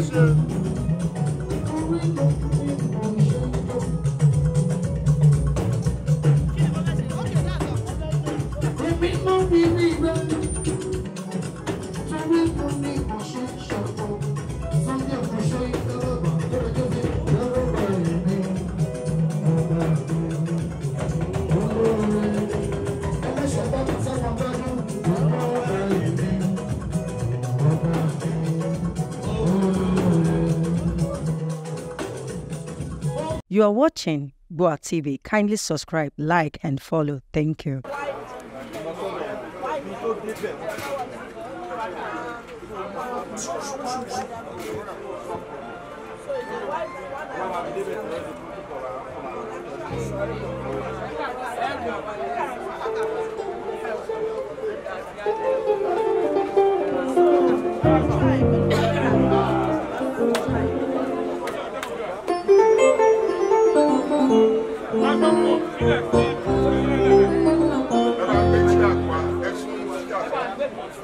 就是。You are watching Boa TV. Kindly subscribe, like, and follow. Thank you.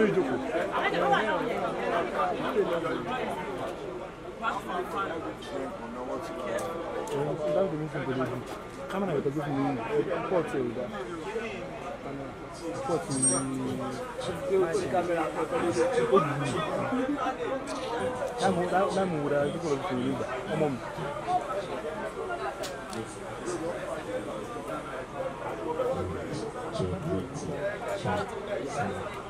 inú ìjókòó. kámẹ́rà yẹn tọ́jú fún mi pọ́ọ̀tì ẹ̀ ìdá pọ́ọ̀tì mi ó dùn mí láìmú wúra dúpọ̀ lọ́dún tó yẹ gbà ọmọ mi. Thank you.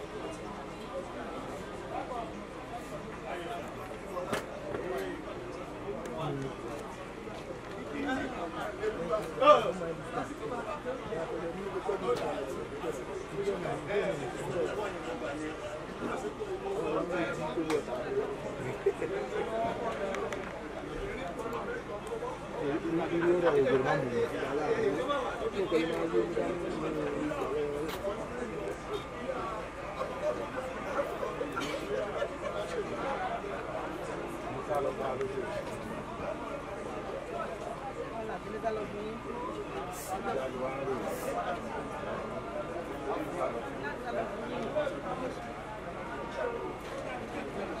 una figura de g e r m Thank you.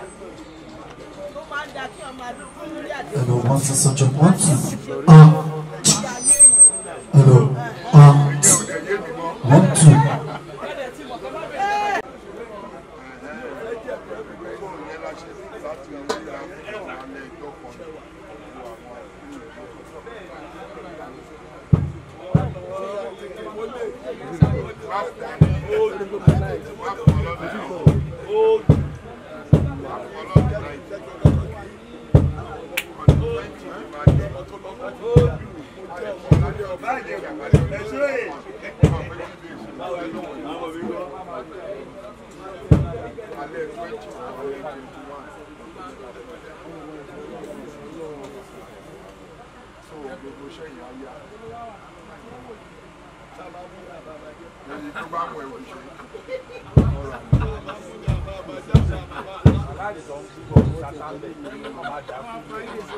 Hello, what's the such a two. Ah. Hello. Ah. One two. Oh, gbogbo iṣẹ́ yìí á yá ẹni tó bá wọ ẹ̀wù ṣe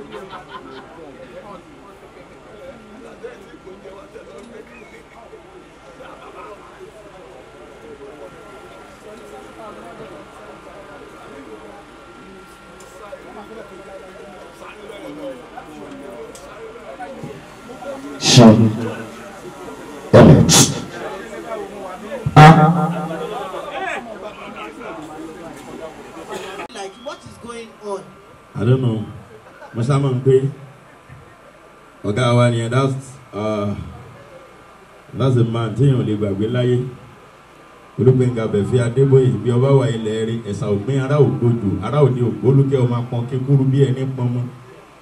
ọ̀rọ̀ àná ṣe like what is going on. I don't know. Mo sábà ọ̀gá wa nìyẹn that's uh, that's a man téèyàn ò lè gbàgbé láyé olùgbẹ̀ngà bẹ̀fẹ́ adébóyè bí ọba wà ilẹ̀ rí ẹ̀sà ògbìn ará ògbójú ará òde ògbólúkẹ́ ọmọ apọn kékúrú bí ẹni pọnmọ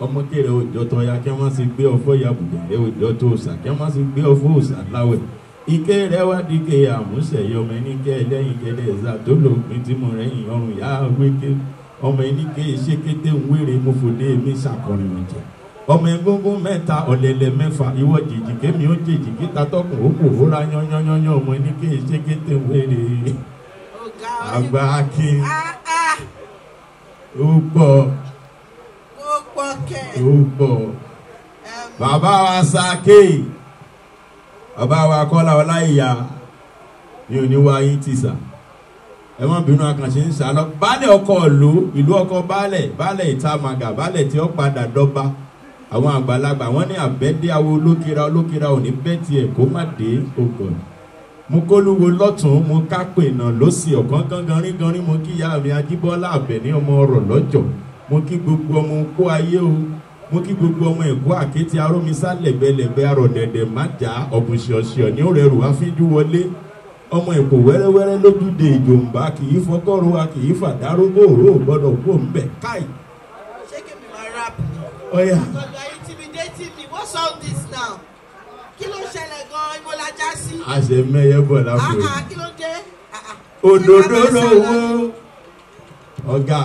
ọmọ kéré òjò tó ya kí wọ́n sì gbé ọfọ́ yabùjá rẹ òjò tó sà kí wọ́n sì gbé ọfọ́ òsà láwẹ̀ ike rẹ wá dike àmúṣẹ̀yẹ ọmọ ẹni kẹ́ ẹlẹ́yin gẹ́lẹ́ ẹ̀sà tó lò pín tí mo rẹ́yìn ọrùn yá wéke ọmọ ẹni kẹ́ ìṣekété ń wéré mo fòde mi ṣàkọrin ọ̀jẹ̀ ọmọ egungun mẹta ọ̀lẹ̀lẹ̀ mẹfa iwọ jèjì kémi ó jèjì kíta tọkùn ó kò ọmọ ní kí ṣe kété wéré àgbà kí ah, ah. ó pọ̀ ó bàbá wa sàké bàbá wa kọ́lá mi ò ní wá yín tìsà ẹ bínú ń ọkọ ìlú ọkọ ìta màgà tí dọba. àwọn àgbàlagbà wọn ní àbẹ́dẹ́wò olókèrà olókèrà ò ní bẹ́ẹ̀ tiẹ̀ kó má dé ogun mo kólúwo lọ́tún mo kápè nà lọ́sì ọ̀kan gangan ganrin mo kí ìyá mi ajíbọ́lá àbẹ̀ní ọmọ ọ̀rọ̀ lọ́jọ́ mo kí gbogbo ọmọ kó ayé o mo kí gbogbo ọmọ ẹ̀kọ́ àkété arómisá lẹ̀gbẹ̀lẹ̀gbẹ̀ arọ̀dẹ̀dẹ̀ májà ọ̀bùnṣọ̀ṣọ̀ ní òrẹ̀rù afínjú wọlé ọmọ ẹ̀kọ́ wẹ́rẹ́wẹ́rẹ́ lójúde ìjòǹbá kì í fọkọ́rọ́ wa kì í fàdáró bòòrò gbọ́dọ̀ kó ń bẹ̀ káì Ọ̀yà. Oh, ọ̀gá intimidating me. What's all this now? Kí ló ṣẹlẹ̀ gan-an? Ibo la já sí. A ṣe mẹ́yẹ bọ̀ lápò. Ah, ah, kí ló dé? Ah, Òdòdó lówó. Ọ̀gá.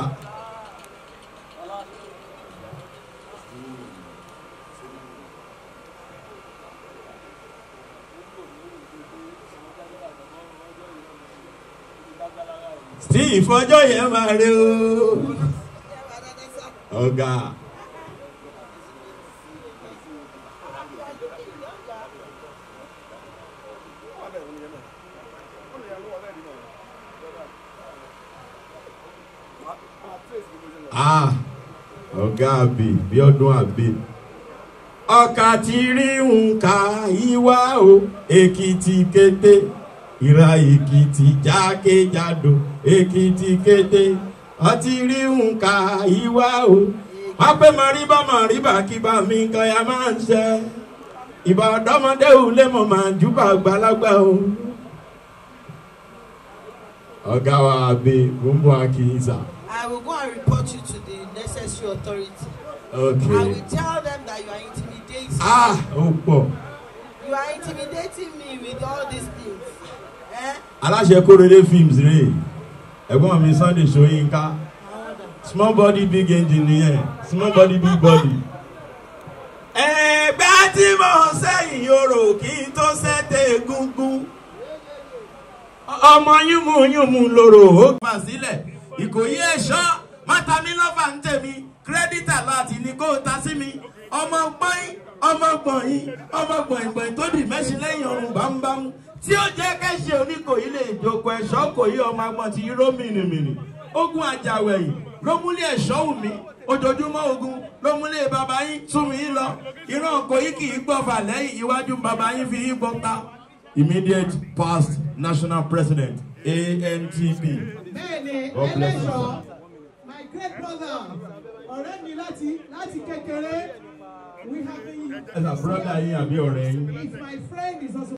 tí ìfọjọ́ yẹn máa rí o ọ̀gá. Ah, ọ̀gá àbí bí ọdún àbí. Ọkà ti rí nǹka ìwá o, Èkìtì kété, ìra Èkìtì jákèjádò, Èkìtì kété, ọtí rí nǹka ìwá o. Wọ́n pé màrí bá màrí bá kí bá mi nǹkan ya máa ń ṣe. ìbà ọ̀dọ́mọdé ò lè mọ̀ máa júbà àgbàlagbà o. ọ̀gá wa àbí gbogbo akínyìnsà. I will go and report you to the necessary authority. Okay. I will tell them that you are intimidating. Ah, ó pọ̀. You are intimidating me with all these things. eh? aláṣẹ kórèlé films rè ẹ̀gbọ́n mi Sunday Ṣóyínká small body big engine nìyẹn small body big body tí mo sẹ́yìn orò kí n tó sẹ́tẹ̀ egungun ọmọ yúnmùyúnmù lòrò ó gbà sílẹ̀ ìkòyí ẹ̀ṣọ́ mátàmílọ́fà ń tèmi kírẹ́dítà láti ní kó o ta sí mi ọmọ pọ́ín ọmọ gbọ̀nyìn ọmọ gbọ̀nyìngbọ̀nyìn tó dì mẹ́sì lẹ́yìn ọ̀run bámúbámú tí ó jẹ́ kẹ́sì oníkòyí lè jòkó ẹ̀ṣọ́ kòyí ọmọ agbọ̀n ti rómìnìmìnì ogun àjàwẹ̀yìn ló ẹ̀ṣọ́ wù ojoojúmọ́ ogun ló múlẹ̀ yín tú yín lọ ìran ọkọ yìí kì í gbọ́fà lẹ́yìn iwájú bàbá yín fi yín gbọ́ta. immediate past national president ANTP. bẹ́ẹ̀ni ẹlẹ́ṣọ́ my great brother ọ̀rẹ́ mi láti láti kékeré we have been. ẹ ta brother yín àbí ọ̀rẹ́ yín. if my friend is also.